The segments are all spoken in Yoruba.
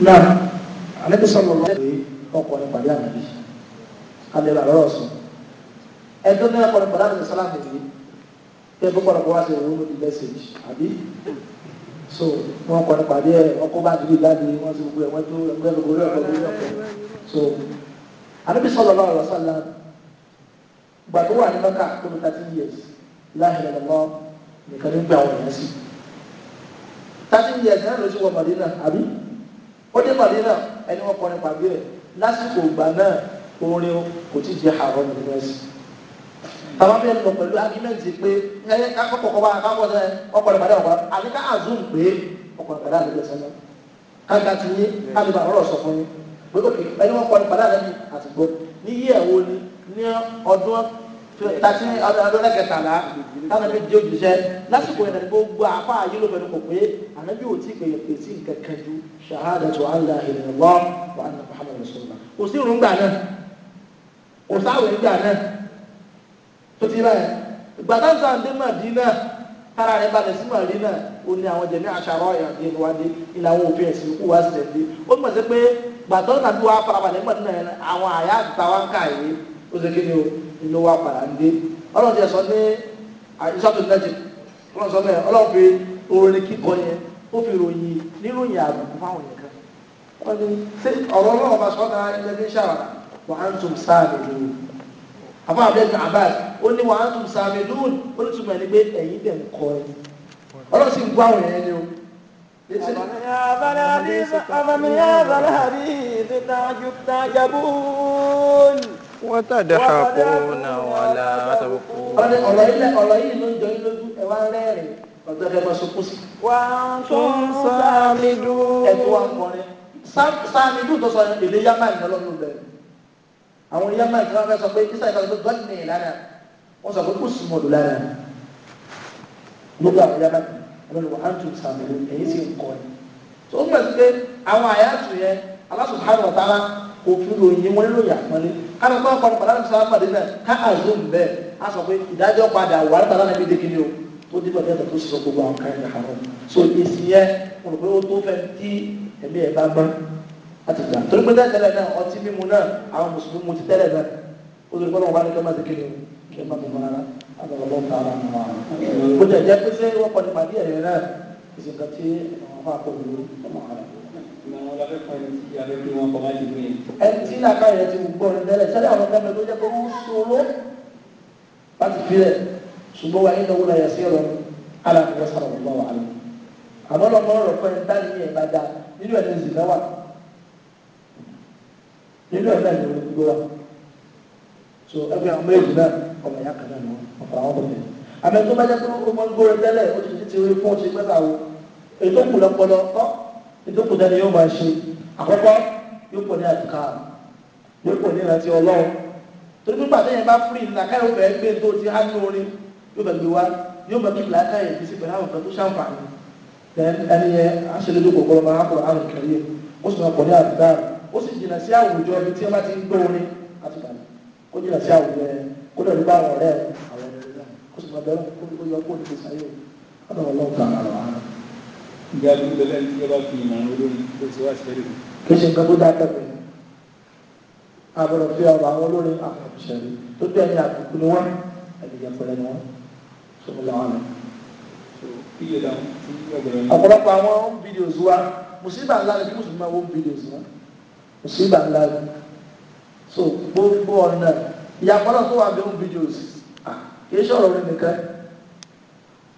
náà àlẹ́bí sọ̀rọ̀ lọ́wọ́ pé ọkọ̀ ní pàdé àmàbí alẹ́bí àlọ́rọ̀ sọ ẹjọ́ ní ọkọ̀ ní pàdé àmàbí sálà nìyí pé púpọ̀ lọ́wọ́ wá sí ìwé olódì mẹ́sẹ̀jì àbí so wọn kọ́ ní pàdé ẹ̀ ọkọ̀ bá dìbò ìdádi wọn sì gbogbo ẹ̀ wọ́n tó ẹgbẹ́ gbogbo orí so àlẹ́bí sọ̀rọ̀ lọ́wọ́ sálà gbà tó wà ní mẹ́kà tó ní thirteen years láhìlẹ̀ lọ́wọ́ nìkan ní gbà wọ̀nyẹn sí thirteen years náà ló ti wọ Màdínà àbí ó dé pàdé náà ẹni wọn kọrin pàdé rẹ̀ lásìkò ìgbà náà orin kò tí ì jẹ́ àrọ́ nínú ẹ̀sìn bàbá bẹ́ẹ̀ lọ pẹ̀lú agímẹ́ǹtì pé ẹ akọ́kọ̀ọ́ bá akọ́kọ́ sẹ́ ọkọ̀rẹ́ padà ọ̀pá àti ká àzùn pé ọkọ̀rẹ́ padà àti gbèsè náà káńkà ti yé alùpàá ọ̀rọ̀ sọ fún yín pé òkè ẹni wọn kọ́ni padà lẹ́yìn àti gbọ́ ní yíyẹ̀ wo ni ní ọdún tasi ọdọdọ kẹtàlá tánàbí di ojúṣe lásìkò yẹn nàbí gbogbo apá ayélujára fẹnu kò pé ànábì ò tí kèye pèsè nǹkan kan ju shahadatu ala ilallah wa anna muhammadu rasulullah kò sí irun gbà náà kò sáwẹ̀ gbà náà tó ti rà yẹn gbàdá sàǹdé Mádínà tára rẹ̀ balẹ̀ sí Mádínà ó ní àwọn jẹ̀mí àṣàrọ̀ ìyàgbẹ́nuwádé ilà àwọn òfin ẹ̀sìn kú wá sí tẹ̀lé ó mọ̀ sí pé gbàdá sàǹdé wa farabalẹ̀ Mádínà yẹn àwọn ló wá padà ń dé ọlọ́run ti sọ ní àìsàtò lẹ́jì ọlọ́run sọ mẹ́rin ọlọ́run fi orin kíkọ yẹn ó fi ròyìn níròyìn àbùkù fáwọn yẹn kan wọ́n ní ṣé ọ̀rọ̀ ọlọ́run bá sọ ọ́ta ilẹ̀ ní sàrà wà á ń tún sáàmì lóhùn àbá abdul abbas ó ní wà á ń tún sáàmì lóhùn ó ní túmọ̀ ẹni pé ẹ̀yin dẹ̀ ń kọ ẹni ọlọ́run sì ń gbọ́ àwọn yẹn ni o. أفمن هذا الحديث wọ́tàdàkùnà wàlà àtàkù. ọ̀rọ̀ ilẹ̀ ọ̀rọ̀ yìí ló ń jọ yín lójú ẹ̀ wá rẹ́rìn ọ̀dọ́ ẹ̀ máa sunkún sí. wà á tún sáàmì dùn. ẹ̀ tó wà ń kọrin sáàmì dùn tó sọ èdè yamá ìdánlọ́nù bẹ̀rẹ̀ àwọn yamá ìdánlọ́nù sọ pé kí sáà ìdánlọ́nù gbọ́dọ̀ ní ìlànà wọ́n sọ pé kó sùn mọ́dù lára gbogbo àwọn yamá ìdánlọ́nù wà á tún sáàmì dùn òfin ròyìn wọn nínú ìyàpọ́nlé kára máa ń parọ́ padà láti sábà pàdé náà ká àzó ń bẹ́ẹ̀ á sọ pé ìdájọ́ padà wà látà lánàá bí dékin ní o tó dìbò dẹ́tà tó sọ gbogbo àwọn kan yẹn àrùn so èsì yẹn mo rò pé ó tó fẹ́ tí ẹ̀mí ẹ̀ bá gbọ́n láti gbà torí pé tẹ́lẹ̀ náà ọtí mímu náà àwọn mùsùlùmí mu ti tẹ́lẹ̀ náà ó lè gbọ́dọ̀ wà ní kẹ́mà dékin ní o kẹ́mà mi mọ́ rárá àgbàlagbọ́ ta ara mọ́ ẹni tí nàka yẹn ti wù gbọ́ ní tẹ́lẹ̀ sẹ́lẹ̀ àwọn ọ̀gá mi tó jẹ́ pé wọ́n sọ̀rọ̀ láti fi rẹ̀ ṣùgbọ́n wa inú wúlò yẹn sí ọ̀rọ̀ aláàbò sọ̀rọ̀ wọn bá wà á lọ. àmọ́ lọ́mọ ọ̀rọ̀ pé ní táyì yẹn bá dáa nínú ẹ̀ ní zì náà wà nínú ẹ̀ náà ní orí gbogbo wa. so ẹgbẹ́ àwọn méjì náà ọmọ ìyá kan náà ọkọ̀ àwọn ọmọ yẹn. àmọ́ tó bá jẹ́ pé ó mọ gbóre tẹ́lẹ̀ ó ti ìdókòó dání yóò máa ṣe àkọ́kọ́ yóò pọ̀ ní àdùká yóò pọ̀ ní ìrántí ọlọ́run torí pípa tẹ́yìn bá fúri làkàyè ó bẹ̀rẹ̀ gbé tó ti há ní orin yóò bẹ̀ gbé wá yóò bẹ̀ kíkì làkàyè fi sí pẹ̀lú àwọn kan tó ṣàǹfààní ẹni yẹn aṣèlédò kòkòrò máa kọ̀ àrùn kẹrì ó sì máa pọ̀ ní àdùká ó sì jìnnà sí àwùjọ ibi tí wọ́n bá ti ń gbọ́ orin àti bàbá ó jìnnà sí àwùjọ yẹn kó lè nípa àwọn ọ̀rẹ́ àwọn ọ̀rẹ́ náà ó sì máa bẹ̀rẹ̀ kó yọ kó nípa sáyé ọ̀dọ̀ ìjà ló ń bẹ lẹ́yìn tí ẹ bá fi ìmọ̀ràn olórin tó ṣe nǹkan tó dá tẹ̀lé àbọ̀rọ̀ fi àwọn olórin àkànṣẹ́rí tó dé ẹni àbùkù ni wọ́n ẹ̀dìyẹ pẹ̀lẹ́ ni wọ́n sọmọ làwọn àná. ọ̀pọ̀lọpọ̀ àwọn home videos wa mùsùlùmí ńlá ni bí mùsùlùmí máa home videos wa mùsùlùmí ńlá ni so gbogbo ọ̀nà ìyàpọ̀ náà tó wà bí home videos kì í ṣọ̀rọ̀ rẹ̀ nìkan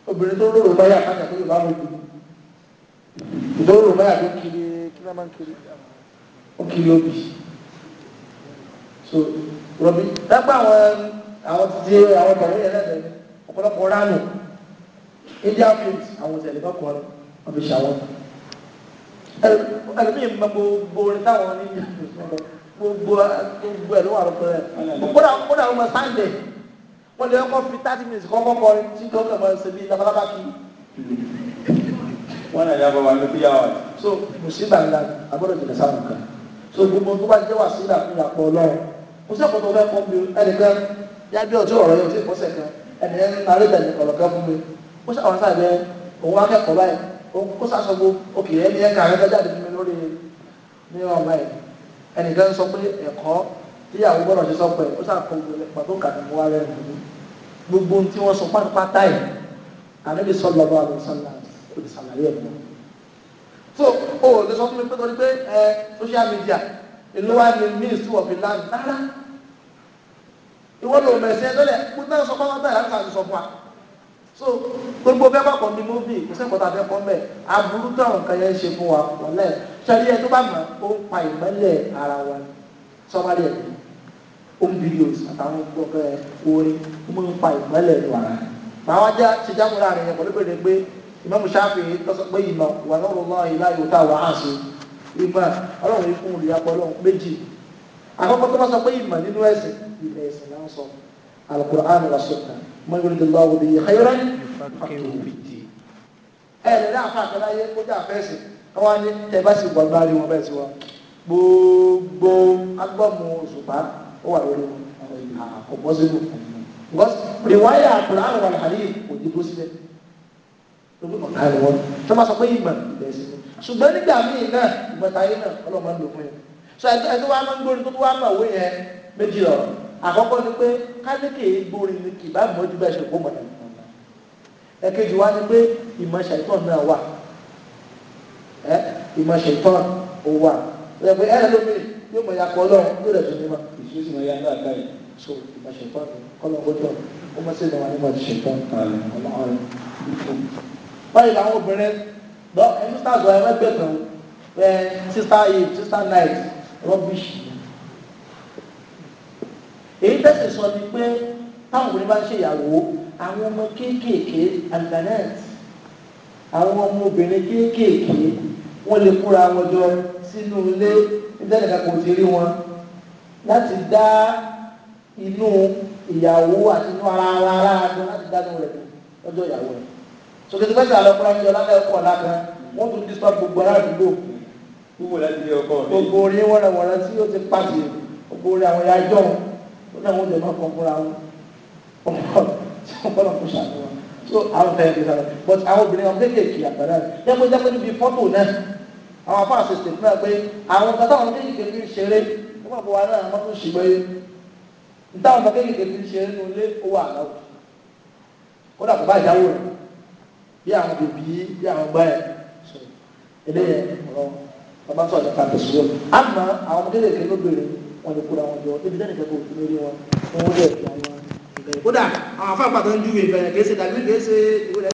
obìnrin tó lóró báyà kájà tó yóò bá lóògùn ìdánwò báyà ló kiri kí ló máa ń kiri ó kiri obì so rọbì lápá àwọn àwọn títí àwọn tọ̀wé yẹn lẹ́sẹ̀ ọ̀pọ̀lọpọ̀ ránù india print àwọn òṣèlú bá kọ́ ọ́ fi ṣàwọn ẹlòmíì mọ gbogbo orin táwọn ní ìjà gbogbo gbogbo ẹ̀ ló wà lọ́pọ̀ rẹ̀ kódà kódà ọmọ sunday wọ́n lè kọ́ fi thirty minutes kọ́kọ́ kọrin tí kò kẹ́ mọ́ ṣe bí labalábá kí wọn náà yàgò wà lóbi yà wà so mùsùlùmí àlà agbọ́dọ̀ jìnnà sáwọn kan so gbogbo tó bá jẹ wà sí ìlàkùn ìyàpọ̀ Ọlọ́run kò sí àkótó fẹ kàn mí o ẹnìkan yá bí ọtí ọ̀rọ̀ yóò ti kọsẹ kan ẹnìyẹn ń narí tẹ́lẹ̀ kọlọkẹ fún mi kó sáwọn sáà bẹ òun akẹ́kọ̀ọ́ báyìí kó sàṣọ gbó òkè ẹni yẹn kà ẹgbẹ jáde fún mi lórí ní ọmọ yìí ẹnìkan sọ pé ẹ̀kọ́ tíyàwó gbọ́dọ̀ ṣe sọ pé ó sàkó pàtó kàdé mọ ara ẹni gbogbo tí wọn sọ pátápátá yìí ànábì sọlọ bá a kò lè ṣàlàyé ẹ̀ so o lè sọ fún mi pé torí pé ẹ social media ìlú wa ni means to of land rárá ìwọ ló mọ ẹsẹ lọlẹ kó náà sọ pátá bẹ́ẹ̀ láti sọ fún wa so gbogbo bẹ́ẹ̀ bá kọ ní móvì kò sẹ́kọ̀ọ́ tá a fẹ́ kọ́ mẹ́ aburú táwọn kan yẹn ń ṣe fún wa wọlé sẹ́ni ẹ tó bá mọ̀ ó ń pa ìmọ́lẹ̀ ara wa sọ́mọ́lẹ̀ ẹ̀dùn home videos àtàwọn gbọ́kẹ́ orin ó mọ̀ ń pa ìmọ́lẹ̀ ẹ̀dùn ara màá wá já ṣèjámúra rẹ̀ yẹn pẹ̀lú pẹ̀lú Imam sáfì tọ́sọ pé ìmọ̀ wà lọ́rùn náà ilá yóò tá wà á sí ìmọ̀ ọlọ́run ikú olùyapọ̀ ọlọ́run méjì àkọ́kọ́ tó bá sọ pé ìmọ̀ nínú ẹ̀sìn ilẹ̀ ẹ̀sìn náà sọ alukur'an wa sunna mọ́gbẹ́rẹ́ tó lọ́wọ́ bí xayọ́rẹ́ ẹ̀ lẹ́yìn àfa àkàláyé kó jẹ́ àfẹ́sì káwá ní ẹ bá sì gbọ́ gbárí wọn bẹ́ẹ̀ sí wa gbogbo agbọ́mu òṣùpá ó wà lórí wọn àkọ́bọ́sílù rìwáyà àkùrán wà lálẹ́ òjì tó sílẹ̀ lókùn ọ̀tá ẹ̀ wọ́n tó bá sọ pé ìmọ̀ bẹ́ẹ̀ sí ṣùgbọ́n nígbà míì náà ìgbọ̀ntayé náà ọlọ́mọ ló fún yẹn so ẹ tó wá máa ń gbórin tó tó wá máa wé yẹn méjì lọ àkọ́kọ́ ni pé káníkè gbórin ni kì bá mọ́jú bá ṣe kó mọ̀ ní ẹ̀kejì wá ni pé ìmọ̀ ṣàìtàn náà wà ẹ ìmọ̀ ṣàìtàn ó wà ẹ pé ẹ lómi yóò mọ̀ yakọ̀ ọlọ́run yóò rẹ̀ tó ní ma ìṣesí mọ̀ ya ní àgbáyé so ìmọ̀ ṣàìtàn kọ́lọ́ gbọ́dọ̀ ó mọ̀ sí ìdánwò ànímọ̀ ṣàìtàn ọlọ́run báyìí làwọn obìnrin lọ ẹni sísá àgbà ẹ̀rọ ẹgbẹ̀gbọ̀n ẹ sísá eight sísá nine rubbish. èyí tẹ̀sí sọ ni pé táwọn obìnrin bá ń ṣèyàwó àwọn ọmọ kéékèèké albanet àwọn ọmọ obìnrin kéékèèké wọ́n lè kóra wọn jọ sínú ilé nítorí ẹ̀ka kò ti rí wọn láti dá inú ìyàwó àti inú ara ara ara dùn láti dá inú rẹ̀ lọ́jọ́ ìyàwó rẹ̀ sọkẹtì bá ṣàlọ kúrò ní ọlá lẹkọọ ọlá kan wọn tún disturb gbogbo ará àdúgbò gbogbo orí wọ̀rẹ̀wọ̀rẹ̀ tí ó ti pàṣẹ gbogbo orí àwọn ìyá ìjọ wọn ó náà wọn jẹ máa kàn fúnra wọn ọpọlọ kò so àwọn fẹẹ fi sàlọ but àwọn obìnrin wọn kéékèèké àgbàdo rẹ jẹpẹ jẹpẹ níbi fọ́tò náà àwọn afọ àṣẹṣe fúnra pé àwọn kan táwọn kéékèèké fi ń ṣeré wọn bọ wa náà wọn tún ṣùgbọ́n yé nítawọn kan kéékèèké fi ń ṣeré nínú ilé owó àlọ kódà kò bá ìyàwó rẹ bí àwọn bèbí bí àwọn gbá ẹ̀ so eléyẹ ọ̀rọ̀ bàbá sọ̀rọ̀ nípa tẹ̀síwọ́n àmọ́ àwọn ọmọdé lè kéwọ́ bèrè wọn lè kóra wọn jọ ebi tẹ́lẹ̀ kẹ́kọ̀ọ́ òfin lórí wọn wọn wọ́n dẹ̀ fi kódà àwọn afáàpàtàn ju ìbẹ̀rẹ̀ kìí dàbí kìí ṣe ìwé